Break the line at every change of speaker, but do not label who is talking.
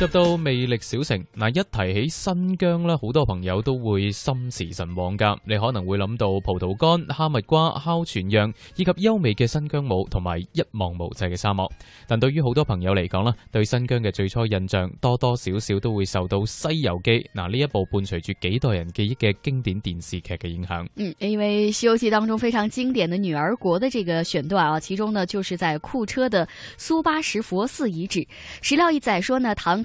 入到魅力小城嗱，一提起新疆咧，好多朋友都會心馳神往噶。你可能會諗到葡萄乾、哈密瓜、烤全羊，以及優美嘅新疆舞同埋一望無際嘅沙漠。但對於好多朋友嚟講咧，對新疆嘅最初印象多多少少都會受到《西遊記》嗱呢一部伴隨住幾代人記憶嘅經典電視劇嘅影響。
嗯，因為《西遊記》當中非常經典嘅女兒國的這個選段啊，其中呢就是在庫車的蘇巴什佛寺遺址。史料記載說呢，唐。